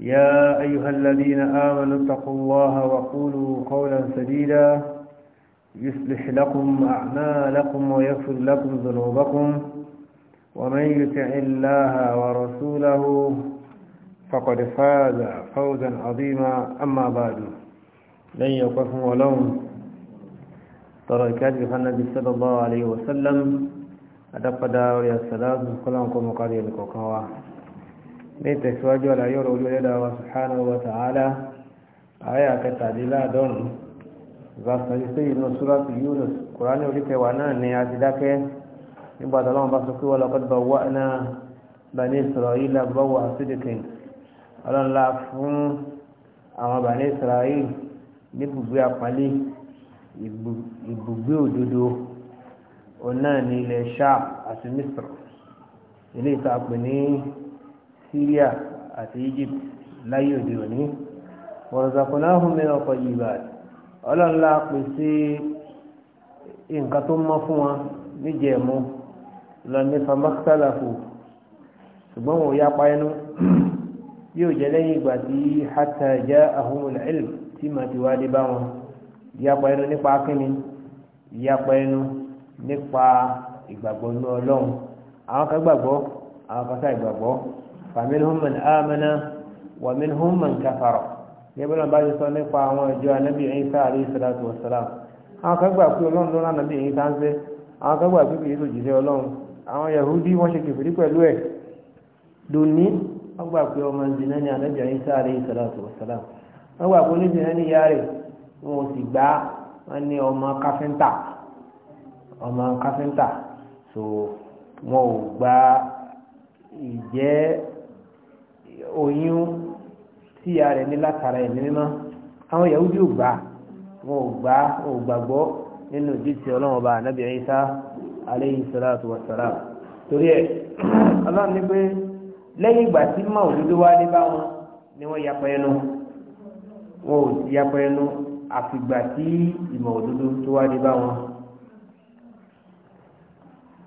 يا أيها الذين آمنوا اتقوا الله وقولوا قولا سديدا يصلح لكم أعمالكم ويغفر لكم ذنوبكم ومن يطع الله ورسوله فقد فاز فوزا عظيما أما بعد لن يقف ولوم ترى كاتب النبي صلى الله عليه وسلم أدق داوري السلام كلامكم قليل كوكوا ní ìtẹ̀síwájú àlàyé ọ̀rọ̀ olú ẹ̀dá wa subhanahu wa ta'ala ààyè àkẹtàdínláàdọ́rùn ìbáṣepọ̀ sí inú súrátù Yunus kùránì orí kẹwàá náà ni a ti dákẹ́ nígbà tó lọ́wọ́n bá sọ pé wọ́n ni ilẹ̀ Sham àti Misr ilé ìtàpè ní syria àti egypt láyé òde òní wọ̀rọ̀sàkùnáhùn mìíràn kọ ìgbà ọlọ́nlá pèsè nǹkan tó mọ́ fún wọn níjẹ̀mú lọ ní famakitalafu ṣùgbọ́n wọn ò yá pa ẹnu bí ó jẹ́ lẹ́yìn ìgbà tí hata já ahumul ilm tí màá ti wá dé bá wọn ìyapa ẹnu nípa kínni ìyapa ẹnu nípa ìgbàgbọ́ ní ọlọ́run àwọn kan gbàgbọ́ àwọn kan ṣàìgbàgbọ́ فمنهم من آمن ومنهم من كفر يقول الله بعد صلى الله عليه وسلم عيسى عليه الصلاة والسلام àwọn kan gbà pé ọlọ́run ló rán nàbí èyí tá ń fẹ́ àwọn kan gbà pé kìí tó jìṣẹ́ ọlọ́run àwọn yahudi wọ́n ṣe kìfìrí pẹ̀lú ẹ̀ lónìí wọ́n gbà pé ọmọ ìdìnnà ni ànábì Ìsá alayhi salatu wassalam wọ́n gbà pé onídìnnà ni ìyá rẹ̀ wọn ò sì gbá wọn ní ọmọ káfíńtà ọmọ káfíńtà so wọn ò gba ìjẹ́ oyún tí ìyá rẹ̀ ní látara ẹ̀mí mímọ́ àwọn Yahudi ò gbà wọn ò gbà ò gbàgbọ́ nínú jíjẹ ọlọ́run ọba ànábì Ìsá alayhi salatu wa salam torí ẹ̀ ọlọ́run ní pé lẹ́yìn ìgbà tí mọ̀ òdodo wá dé bá wọn ni wọ́n yapa ẹnu wọn ò yapa ẹnu àfìgbà tí ìmọ̀ òdodo tó wá dé bá wọn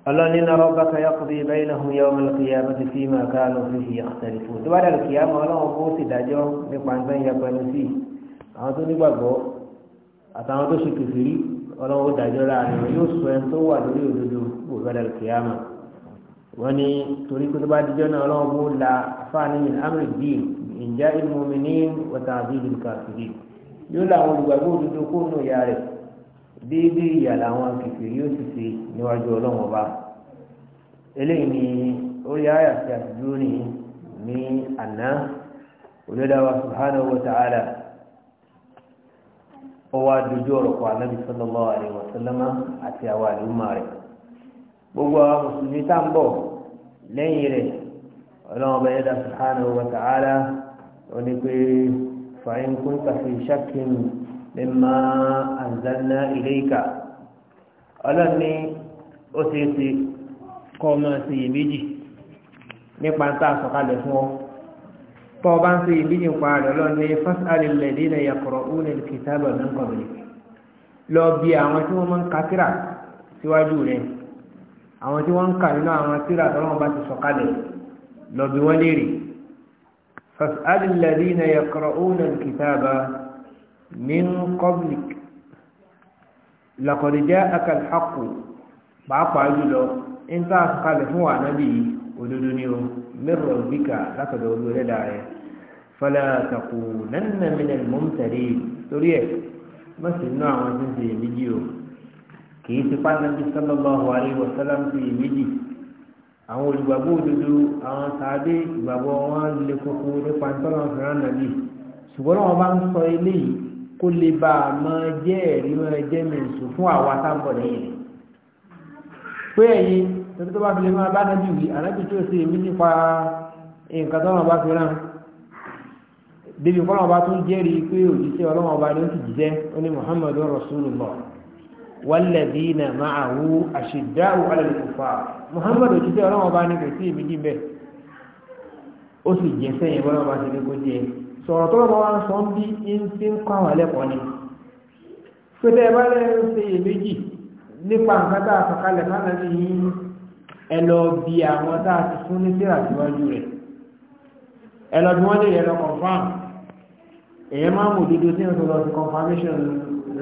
ọlọ́ni náà rọ́bà kayọ́ kọ́ bíi bẹ́ẹ̀ náà yọ ọmọ lọ́kìyà bá ti fi máa ká lọ fi hìyà tẹ̀lifù tó bá dàlù kìyà mọ́ ọlọ́run kó sì dájọ́ nípa ń sẹ́yìn yẹpẹnu sí i àwọn tó nígbàgbọ́ àtàwọn tó ṣe kìfìrí ọlọ́run ó dájọ́ láàrin wọn yóò sọ ẹni tó wà lórí òdodo bó bá dàlù kìyà mọ́ wọn ni torí pé tó bá dijọ́ náà ọlọ́run kó la fáàní amri dín ìjà ìmùmíní wọ́tà àbí ìlú kàfìrí yóò làwọn olùgbàgbọ́ òdodo kó nù yà rẹ̀ déédéé ìyà làwọn kìkì yóò ti ṣe níwájú ọlọ́run ọba eléyìí ni orí ayà tí a ti dúró ní ní àná olódàwà subhanahu wa ta'ala ó wá ọ̀rọ̀ kọ anábì wa àti àwọn àlùmọ́ rẹ̀ gbogbo àwọn mùsùlùmí tá ń bọ̀ lẹ́yìn rẹ̀ yẹ́dà subhanahu wa ta'ala ó ní pé fi mímá àǹzánná ilé ìkà ọlọ́ni ó ṣe é ṣe kọ́ ọmọ ṣe yè méjì nípa ń tà sọ̀kalẹ̀ fún ọ tọ́ ọ bá ń ṣe yè méjì nípa rẹ̀ ọlọ́ni fásitì lẹ́dí náà yàkọ̀rọ̀ ó lè kìtà bọ̀ ní kọ̀ọ̀lì lọ bí àwọn tí wọ́n máa ń ka kíra síwájú rẹ̀ àwọn tí wọ́n ń kà nínú àwọn tíra tọ́lọ́wọ́n bá ti sọ̀kalẹ̀ lọ bí wọ́n léèrè fásitì lẹ́dí náà yàkọ̀rọ̀ ó lè kìtà min qablik laqad ja'aka al-haqq pàápàá jùlọ ń tà kalẹ̀ fún wa nábì yìí òdodo ni o min rabbika látọ̀dọ̀ olùrẹ́dà rẹ̀ fala takunanna min al-mumtarin torí ẹ̀ má sì ná àwọn tí ń ṣe èméjì o kì í ti pàtàkì sallallahu alaihi wa sallam ṣe èméjì àwọn olùgbàgbọ́ òdodo àwọn sàádé ìgbàgbọ́ wọn lè koko nípa ìtọ́nà fìràn nàbì ṣùgbọ́n wọn bá ń sọ eléyìí kó lè bá a máa jẹ́ ẹ̀rí máa jẹ́ mẹ̀sù fún àwa tábọ̀ lẹ́yìn rẹ̀ pé ẹ̀yin tẹ́tí tó bá fi lè máa bá nájú wí àlájú tó ṣe èmi nípa nǹkan tó wọn bá fi rán débi kọ́ wọn bá tún jẹ́rìí pé òjíṣẹ́ ọlọ́wọ́n ọba ni ó ti jíṣẹ́ ó ní Muhammadu Rasulullah walladhina ma'ahu ashidda'u 'ala al-kuffar Muhammadu òjíṣẹ́ ọlọ́wọ́n ọba ni kò sí èmi jí ó sì jẹ́ sẹ́yìn bọ́lá ọba ti ní kó jẹ́ sọ̀rọ̀ tó lọ́wọ́ wá ń sọ ń bí ń tí ń kọ́ àwọn ẹlẹ́kọ̀ọ́ ni pété ẹ bá lẹ́yìn ṣe iyèméjì nípa nǹkan tá a sọ kalẹ̀ lánàá ní yín ẹ lọ bí àwọn tá a fún ní síra síwájú rẹ̀ ẹ wọ́n lè yẹ lọ confam èyẹ máa mú òdodo tí wọ́n lọ sí confirmation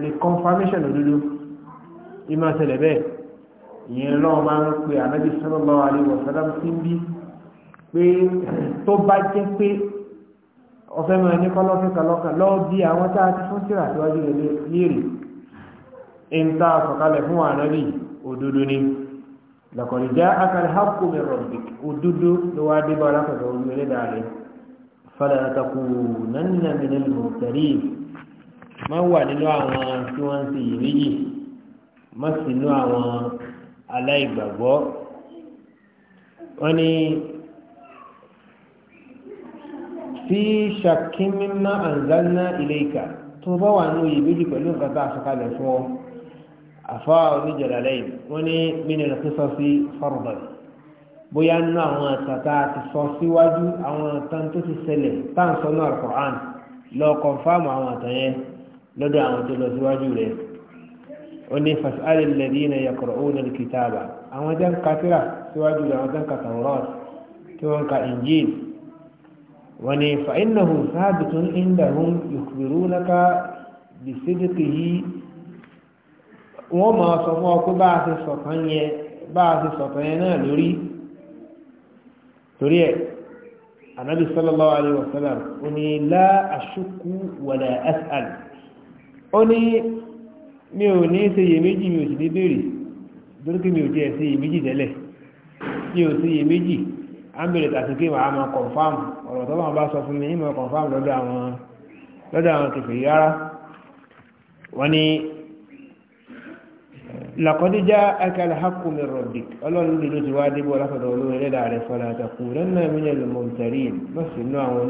reconfirmation òdodo ìmọ̀ ṣẹlẹ̀ bẹ́ẹ̀ ìyẹn lọ́wọ́ máa ń pe ànábì sallallahu alaihi wasallam sí ń bí pé tó bá jẹ́ pé ọ̀fẹ́ máa ní kọ́lọ́fíkà lọ́kàn lọ́wọ́ bí àwọn tá a ti fún síra síwájú rẹ̀ léèrè ń ta àsọ̀kalẹ̀ fún ànábì òdodo ni lọ́kọ̀lì já akal haqqu min rabbik òdodo ló wá dé bá alákọ̀ọ́kọ́ orí ẹlẹ́dà rẹ̀ fala takunanna minal mumtarin má wà nínú àwọn tí wọ́n ń ṣe iyèméjì má sì àwọn aláìgbàgbọ́ wọ́n ní fi ṣàkín mímá àǹzánná ilé ìkà tó bá wà ní oyè méjì pẹ̀lú nǹkan tá a sọ̀kalẹ̀ fún ọ àfa oníjàlálẹ́yìn wọ́n ní mínú rẹ̀ sísọ sí fọ́rọ̀dọ̀n bóyá nínú àwọn àtàtà ti sọ síwájú àwọn àtàn tó ti ṣẹlẹ̀ tá à ń sọ náà Qur'an lọ kọ̀ǹfàmù àwọn àtàn yẹn lọ́dọ̀ àwọn tó lọ síwájú rẹ̀ wọ́n ní fasalil ladina yaqra'una al-kitaba àwọn jẹ́ ń katira síwájú rẹ̀ àwọn jẹ́ ń katawrat tí wọ́n ń ka Injil wọ́n ní fa'inahu sábìtún indahun ìkùrú náka bisidiki yìí wọ́n máa sọ fún ọ pé bá a ti sọ̀tàn yẹn bá a ti sọ̀tàn yẹn náà lórí torí ẹ̀ anabi sallallahu alayhi wa sallam ó la ashuku wala as'al ó ní mi ò ní ṣe iyèméjì mi ò sì ní béèrè dókè mi ò jẹ́ ṣe iyèméjì tẹ́lẹ̀ mi ò ṣe iyèméjì ámbèrè tàbí pé màá mọ kọ̀nfàmù ọ̀rọ̀ tó bá wọn bá sọ fún mi ìmọ̀ kọ̀nfàmù lọ́dọ̀ àwọn lọ́dọ̀ àwọn kẹfẹ́ yára wọ́n ní lakọ́díjá akẹ́lẹ̀ hakumi rọ̀bìk ọlọ́run ló ti wá débò látọ̀dọ̀ olórin lẹ́dà rẹ̀ fọlá àtàkù lẹ́nà mílẹ̀ lọ́mọ̀tẹ́rìn lọ́sì inú àwọn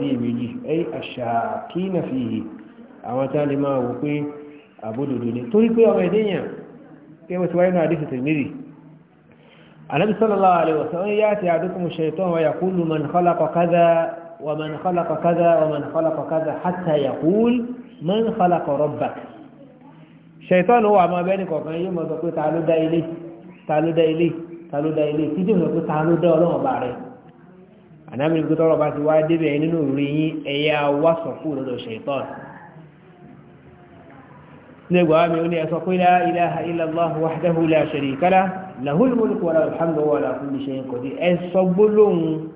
wáyé náà àdéhùn النبي صلى الله عليه وسلم ياتي عدكم الشيطان ويقول من خلق كذا ومن خلق كذا ومن خلق كذا حتى يقول من خلق ربك الشيطان هو ما بينك وكان يوم تقول تعالوا دا إليه تعالوا دا إليه تعالوا دا إليه تجي تقول تعالوا دا ولا مبارك أنا من قلت ربع سواد بين نوري يا وصف الشيطان نقول آمين يا لا إله إلا الله وحده لا شريك له lahul mulku wàlá alhamdu wàlá kulli shay'in qadir ẹ sọ gbólóhùn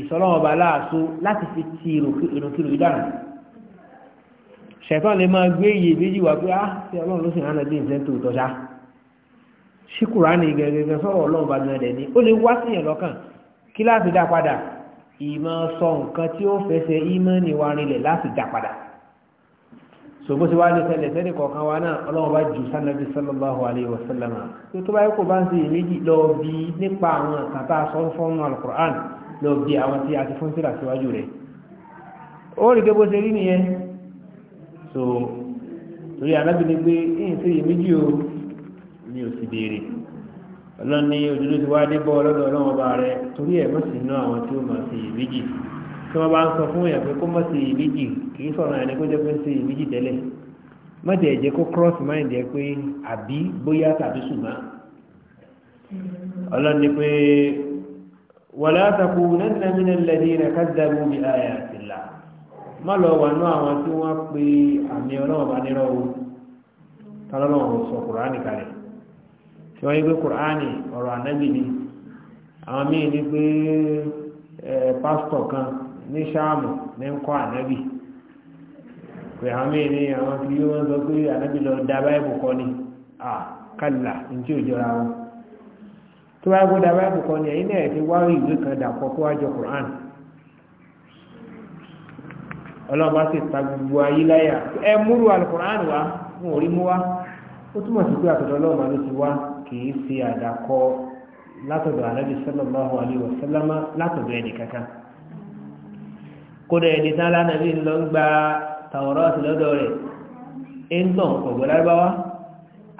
ìsọlọ́wọ́ba láàṣọ láti fi ti ìrùkìrù ìdáhùn ṣẹ̀tàn lè máa gbé iye méjì wá pé á ah, tí ọlọ́run ló sì hàn lẹ́dí ìṣẹ́ tó tọ́já sí kùránì gẹ̀gẹ̀gẹ̀ sọ̀rọ̀ ọlọ́run bá gbọ́n ẹ̀dẹ̀ ni ó lè wá síyàn lọ́kàn kí láti dá padà ìmọ̀ sọ nǹkan tí ó fẹsẹ̀ ìmọ̀ níwá rinlẹ̀ láti dá padà sọgbó tí wàá lẹsẹ lẹsẹ ní kọ̀ọ̀kan wa náà Ọlọ́run bá jù sanabi sallallahu alayhi wa sallam tó tó báyìí kò bá ń ṣe ìméjì lọ bí nípa àwọn nǹkan tá a sọ fọnù alukur'an lọ bí àwọn tí a ti fún síra síwájú rẹ̀ ó rí gẹ́gẹ́ bó ṣe rí nìyẹn so torí alábi pé ẹ̀yìn sí ìméjì o mi ò sì béèrè Ọlọ́run ní ojúlé dé bọ́ ọlọ́dọ̀ Ọlọ́run ọba rẹ̀ torí ẹ̀ mọ̀ sí inú àwọn tí ó máa ṣe ìméjì tí wọ́n bá ń sọ fún èèyàn pé kó mọ̀ sí ìmíjì kì í sọ̀rọ̀ ẹni kó jẹ́ pé ń sí ìmíjì tẹ́lẹ̀ mọ̀tì ẹ̀jẹ̀ kó cross mind ẹ pé àbí bóyá tàbí ṣùgbọ́n ọlọ́ni pé wàlá àtàkù nẹ́nà mínà lẹ́dí rẹ̀ ká dàbò bí ayé àtìlá má lọ wà nú àwọn tí wọ́n pe àmì ọlọ́wọ́ bá nírọ̀ o tọ́lọ́wọ́ sọ kùránì kalẹ̀ tí wọ́n yí pé kùránì ọ̀rọ̀ ànábì ni àwọn míì ní pé pásítọ̀ kan ní sáàmù ní ń kọ́ ànábì pé àwọn ènìyàn àwọn tí wọ́n sọ pé ànábì lọ da báyìbù kọ́ ni à kàlà ní tí ò jọra wọn tó wáá gbọ́dọ̀ báyìbù kọ́ ni ẹ̀yin náà ti wá ìwé kan dàpọ̀ kó wájọ Qur'an ọlọ́ba sì ta gbogbo ayé láyà ẹ múrú alukur'an wa wọn ò rí mú wa ó túmọ̀ sí pé àtọ̀dọ̀ ọlọ́ọ̀ma ló ti wá kì í ṣe àdàkọ látọ̀dọ̀ ànábì sallallahu alaihi wasallama látọ̀dọ̀ ẹnì kankan. kódà ẹni tán lánàbí lọ ń gba tàwọ̀rọ̀ sí lọ́dọ̀ rẹ̀ ẹ̀ńtàn ọ̀gbọ̀n lárúbáwá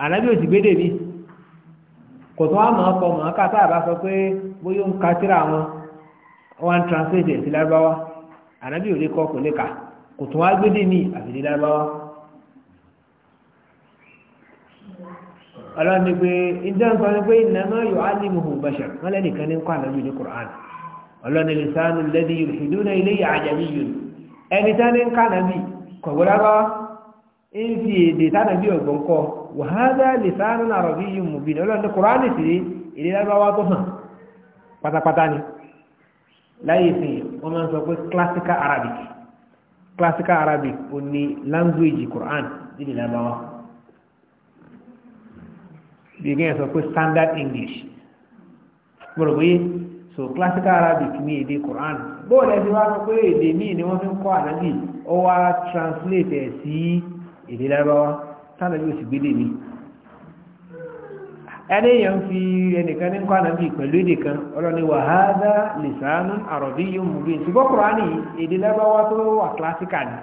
ànábì ò sì gbédè bí kò tó àmọ́ ọkọ̀ mọ̀ ká tá a bá sọ pé bóyá ń ka síra wọn wọn translate sí lárúbáwá ò lè kò lè kà kò tó ni pé ọlọ́ni lisanu lẹ́dí ìfìdúnà ilé àjàmí yìí ẹni tán ní kánàbí kọ̀gbọ́lábá ń fi èdè tánàbí ọ̀gbọ̀nkọ́ wàhálà lisanu àrọ̀bí yìí mùbí ọlọ́ni kùránì sí ilé lábáwá tó hàn pátápátá ni láyé sí wọ́n máa ń sọ pé classical arabic classical arabic ò ní language quran nílé lábáwá bí i gẹ́gẹ́ sọ pé standard english gbọ́dọ̀ bóyá so classical arabic ní èdè quran bóòlù ẹbí wá sọ pé èdè míì ni wọ́n fi ń kọ́ ànábì ó wá translate ẹ sí èdè lárúbáwá tánàbí ò sì gbédè mi ẹni yẹn fi ẹnìkan ní kọ́ ànábì pẹ̀lú èdè kan ọlọ́ni wàhálà lìsàánù àròbí yóò mú bí ṣùgbọ́n quran èdè tó wà classical ni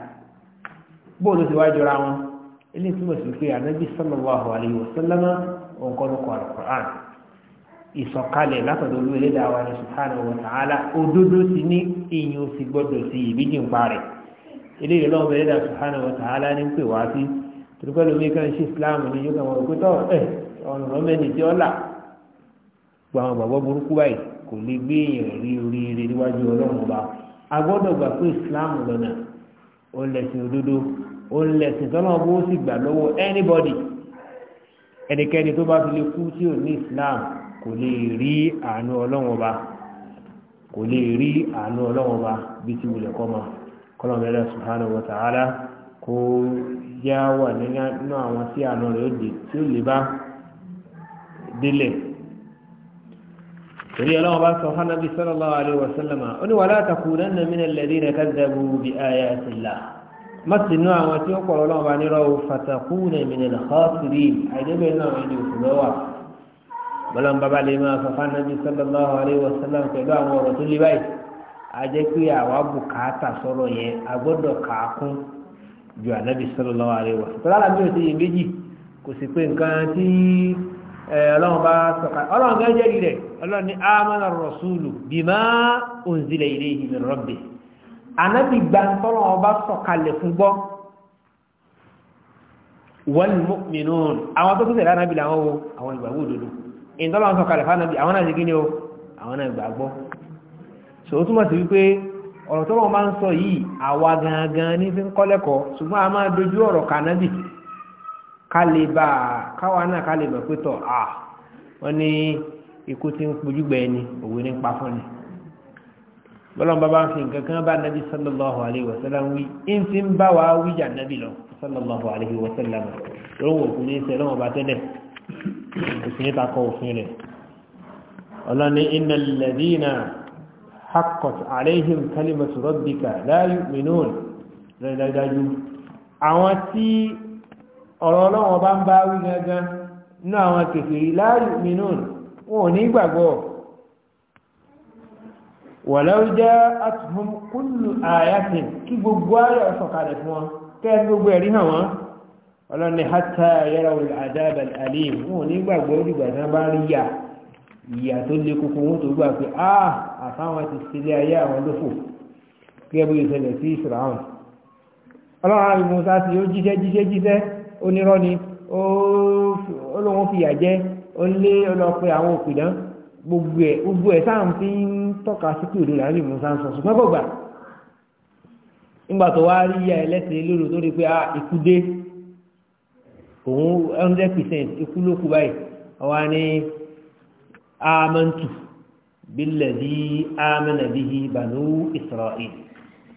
bóòlù ti wá jọra ìsọ̀kalẹ̀ látọ̀dọ̀ olú ẹlẹ́dàá wa ní subhanahu wa ta'ala òdodo ti ní ìyìn òsì gbọ́dọ̀ sí ìbíjì ń parẹ̀ eléyìí lọ́wọ́ ẹlẹ́dàá subhanahu wa ta'ala ní pè wá sí tìrúkọ́lù mi kan ṣe islam ní yóò kàn wọ́n pé tọ́ ẹ̀ ọ̀nà mẹ́ni tí ó là gba àwọn bàbá burúkú báyìí kò lè gbé èèyàn rí oríire níwájú ọlọ́run ọba a gbà pé islam lọ́nà ó lẹ̀sìn òdodo anybody ẹnikẹ́ni tó bá fi lè kú tí kò lè rí àánú ọlọ́run ọba kò lè rí àánú ọlọ́run ọba bí ti wulẹ̀ kọ́ ma kọ́lọ́mẹ́lẹ́ subhanahu wa ta'ala kó yá wà nínú àwọn tí àánú rẹ̀ ó dé tí ó lè bá délẹ̀ torí ọlọ́run bá sọ fún anábì sallallahu alaihi wa sallam ó ní wala takunanna min alladhina kadzabu bi ayatillah mọ́sínú àwọn tí ó pọ̀ ọlọ́run bá nírọ̀ fatakuna min al-khasirin àìdẹ́gbẹ̀ẹ́ náà ẹni òfin lọ́wọ́ bọ́lọ́n bàbá lè máa sọ fún anabi sallallahu alayhi wa sallam pẹ̀lú àwọn ọ̀rọ̀ tó lé báyìí a jẹ́ pé àwa bùkátà sọ̀rọ̀ yẹn a gbọ́dọ̀ kàákún ju anabi sallallahu alayhi wa sallam tọ́lá làbí òsè yìí méjì kò sì pé nǹkan tí ọlọ́run bá sọ̀ka ọlọ́run gẹ́gẹ́ jẹ́rìí rẹ̀ ọlọ́run ní amana rasulu bima unzila ilayhi min rabbi anabi àwọn tó tẹ̀lé anabi làwọn wo àwọn ìgbàgbọ́ òdodo ìdọ́là ń sọ kalẹ̀ fánàbí àwọn náà jẹ́gí ní o àwọn náà gbàgbọ́ so ó túnmọ̀ sí wípé ọ̀rọ̀ tó ma ń sọ yìí àwa gangan ní fi ń kọ́lẹ́kọ̀ọ́ ṣùgbọ́n a máa dojú ọ̀rọ̀ kànábì kálíbà káwa náà ni òwe ní pa fún ni bọ́lọ́n bá bá ń fi nǹkan kan bá sallallahu alayhi wa sallam wí ń fi ń bá wa wíjà lọ sallallahu alayhi wa sallam òfin takọ òfin rẹ̀ ọlọ́ni innal ladhina haqqat alayhim kalimatu rabbika la yu'minun rẹ̀ dájú àwọn tí ọ̀rọ̀ ọlọ́wọ́n bá ń bá wí gangan náà àwọn kèfèrí la yu'minun wọn ò ní gbàgbọ́ walaw ja'atuhum kullu ayatin kí gbogbo ayọ̀ sọ̀kalẹ̀ fún wọn kẹ́ gbogbo ẹ̀rí hàn wọ́n ọlọ́ni hátà yẹ́ra wọlé àdáàbà alim wọn nígbàgbọ́ ìgbà tí wọ́n bá rí yà ìyà tó lé koko wọn tó gbà pé a ah, àtàwọn ti sílé ayé àwọn lófò kí ẹbí ìṣẹ̀lẹ̀ sí ìṣìràwọn ọlọ́run àbí musa ti ó jíṣẹ́ jíṣẹ́ jíṣẹ́ onírọ́ ni ó lóun fìyà jẹ ó lé ọlọ́pẹ́ àwọn òpìdán gbogbo ẹ̀ gbogbo ẹ̀ sáà fi ń tọ́ka sí pé òdòdó àbí musa ń sọ ṣùgbọ́n gbọ̀gbà nígbà tó wá rí yà ẹlẹ́sìn lóru tó rí pé a ah, ìkúdé òun hundred percent ikú ló kú báyìí àwa ni amantu bílẹ̀dí amẹ́nàbíhi bànú israel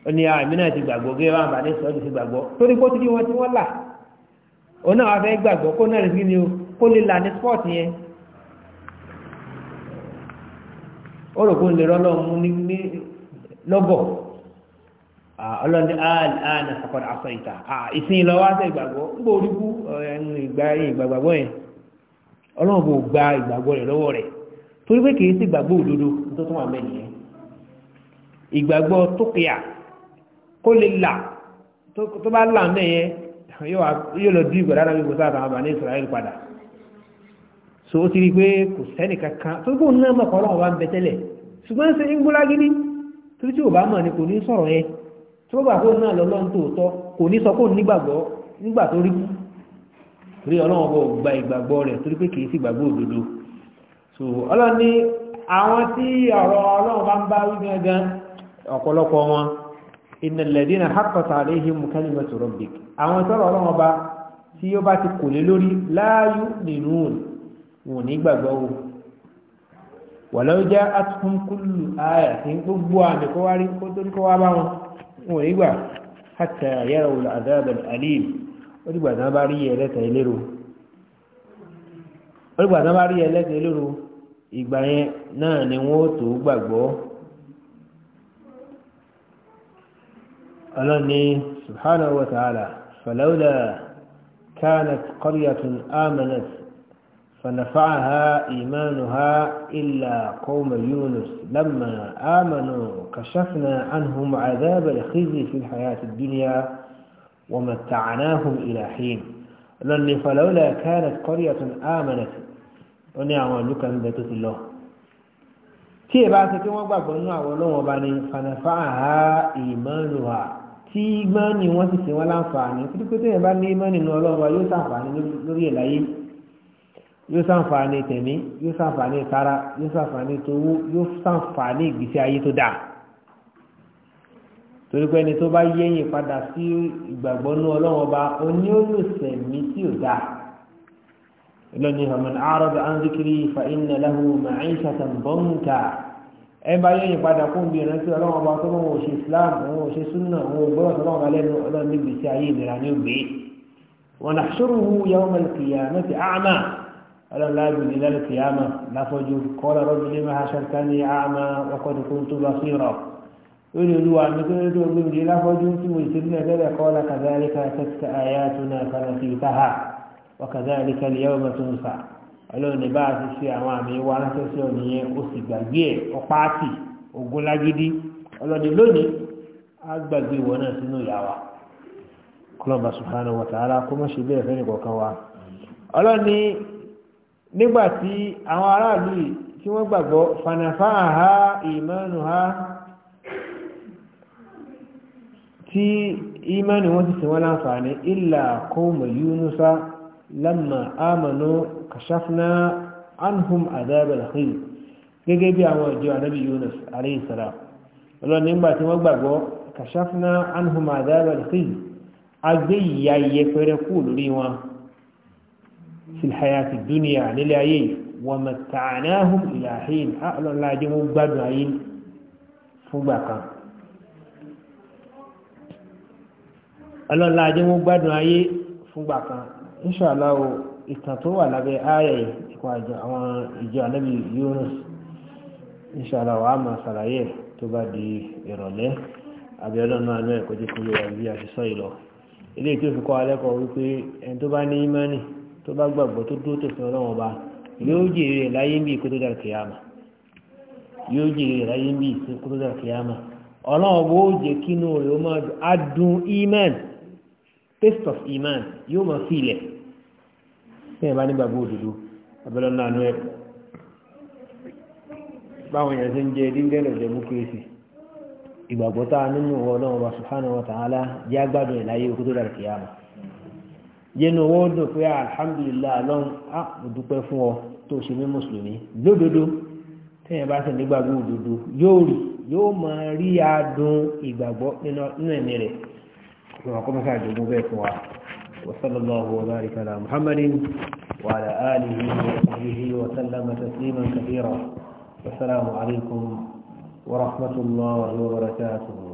ó ní àmì ah, náà ti gbàgbọ́ gẹ́gẹ́ bá ń bàdé sọ́ọ́ ti gbàgbọ́ torí kó ti di wọn tí wọ́n là òun náà wà fẹ́ gbàgbọ́ kó náà lè fi ni o kó lè là ní sport yẹn ó rò kó lè rọ́ lọ́gọ̀ọ́. ọlọ́ni àánà fọkàn àṣọ ìta ìsìn lọ wá ìgbàgbọ́ ń bò eh, ìgbàgbọ́ rẹ̀ lọ́wọ́ rẹ̀ torí pé kìí sí ìgbàgbọ́ òdodo tó tún wà mẹ́rin yẹn ìgbàgbọ́ kó lè là tó bá là mẹ́yẹn yóò lọ dí Israẹli padà so ó ti rí pé kò kankan tó tí ó gbà kó náà lọ lọ́n tòótọ́ kò ní sọ kó nígbàgbọ́ nígbà tó rí rí ọlọ́run ọgbọ́ gba ìgbàgbọ́ rẹ̀ torí pé kìí sí ìgbàgbọ́ òdodo so ọlọ́run ní àwọn tí ọ̀rọ̀ ọlọ́run bá ń bá wí gangan ọ̀pọ̀lọpọ̀ wọn innal ladina haqqat alaihim kalimatu rabbik àwọn tọ́rọ̀ ọlọ́run ọba tí ó bá ti kò lé lórí la yu'minun wọn nígbàgbọ́ wò walau ja'atuhum kullu ayatin gbogbo àmì kó kó torí kó bá wọn wọn ìgbà hàtà yàrá wùlọ àdáàbẹ̀ àlìl wọ́n dìgbà tán bá rí ẹlẹ́tẹ̀ ìlérò wọ́n dìgbà tán bá rí ẹlẹ́tẹ̀ ìlérò ìgbà yẹn náà ni wọ́n tó gbàgbọ́ ọlọ́ni subhanahu wa ta'ala falawla kanat qaryatun amanat فنفعها إيمانها إلا قوم يونس لما آمنوا كشفنا عنهم عذاب الخزي في الحياة الدنيا ومتعناهم إلى حين لأن فلولا كانت قرية آمنت ونعم لك أن بيتت الله tí ẹ bá ṣe kí wọ́n gbàgbọ́ nínú àwọn ọlọ́wọ́n bá ní fanafaha ìmánuwa tí ìmánì wọ́n sì ṣe wọ́n láǹfààní pípẹ́ tó yẹn bá ní ìmánì ọlọ́wọ́ yóò ṣàǹfààní lórí ẹ̀ yóò sàǹfààní tẹ̀mí yóò sàǹfààní tara yóò sàǹfààní towó yóò sàǹfààní ìgbésí ayé tó dáa torí pé ẹni tó bá yẹ̀yìn padà sí ìgbàgbọ́ ní ọlọ́run ọba oní olùsẹ̀mí tí ò dáa lónìí ọmọdé àárọ̀dọ̀ anzikiri fa iná lẹ́hùn màáyín ṣàtàǹbọ̀nkà ẹ bá yẹ̀yìn padà fún bí ìrántí ọlọ́run ọba tó wọn ò ṣe Islam wọn ò ṣe súnà wọn ò gbọ́dọ̀ tó wọn àṣírùhù ọlọ́run láàbù ní lẹ́nu kìyàmà láfọ́jú kọ́lá rọ́bì lé máa ṣàkà ní àmà ọkọ̀dù kó tó bá fìrọ̀ lórí olúwa mi tó lórí omi òde láfọ́jú tí mo ti rí ẹgbẹ́ kọ́lá kàdáríkà tẹ́tẹ́ àyà tó náà kàrà sí ìtaha ọkàdáríkà lè yẹ́wò mẹ́tò ń fà ọlọ́run ní bá a ti ṣe àwọn àmì wa ránṣẹ́ sí ọ̀nì yẹn ó sì gbàgbé ẹ̀ ọpáàtì ogun lágídí ọlọ́run lónìí á gbàgbé ìwọ náà sínú ìyá wa kọlọ́mbà subhanahu wa ta'ala kó má ṣe bẹ́ẹ̀ fẹ́ni kọ̀ọ̀kan wa ọlọ́run ní nígbà tí àwọn aráàlú tí wọ́n gbàgbọ́ fanafáàhá ìmánu ha tí ìmánu wọ́n ti sì wọ́n láǹfààní ìlà kọ́ọ̀mù yúnúsá lámà ámànú kàṣáfná anhum adábẹ̀lẹ̀ hìl gẹ́gẹ́ bí àwọn ìjọ anábì yunus alayhi salam ọlọ́run nígbà tí wọ́n gbàgbọ́ kàṣáfná anhum adábẹ̀lẹ̀ agbé ìyá iyẹpẹrẹ kú lórí wọn fil hayati dunya nílé ayé wa mata'nahum ila hin ọlọ́lá ajé wọn gbádùn ayé fúngbà kan ọlọ́lá ajé wọn gbádùn ayé fúngbà kan inshallah ìtàn tó wà lábẹ́ ààyè ìpàjọ àwọn ìjọ anábì Yunus inshallah wàá máa ṣàlàyé tó bá di ìrọ̀lẹ́ abẹ́ọ́lọ́ náà náà ẹ̀kọ́ jẹ́ kúrò tó bá gbàgbọ́ tó dúró tòfin ọlọ́wọ́n ọba yóò jèrè rẹ̀ láyé ń bí kó tó dà kìyàmà yóò jèrè rẹ̀ láyé ń bí kó tó dà kìyàmà ọlọ́wọ́n bó jẹ́ kínú rẹ̀ ó máa adùn iman taste of iman yóò máa fi ilẹ̀ bẹ́ẹ̀ bá nígbàgbó òdodo abẹ́lẹ́ náà nú ẹ̀ báwọn èèyàn ṣe ń jẹ díndẹ́ lọ democracy ìgbàgbọ́ tá a nínú ọlọ́run wa subhanahu wa ta'ala jẹ́ agbádùn ẹ̀ láyé okú tó yẹnu owó dùn pé alhamdulilayi lọ́n á ah, dúpẹ́ fún ọ tó ṣe mí mùsùlùmí lódodo tẹ́yìn bá sì nígbàgbọ́ òdodo yóò rí yóò máa rí adùn ìgbàgbọ́ nínú ẹ̀mí rẹ̀ ọ̀rọ̀ kọ́mọ́sá àjọ̀gbọ́n bẹ́ẹ̀ fún wa وصلى الله وبارك على محمد وعلى آله وصحبه وسلم تسليما كثيرا والسلام عليكم ورحمة الله وبركاته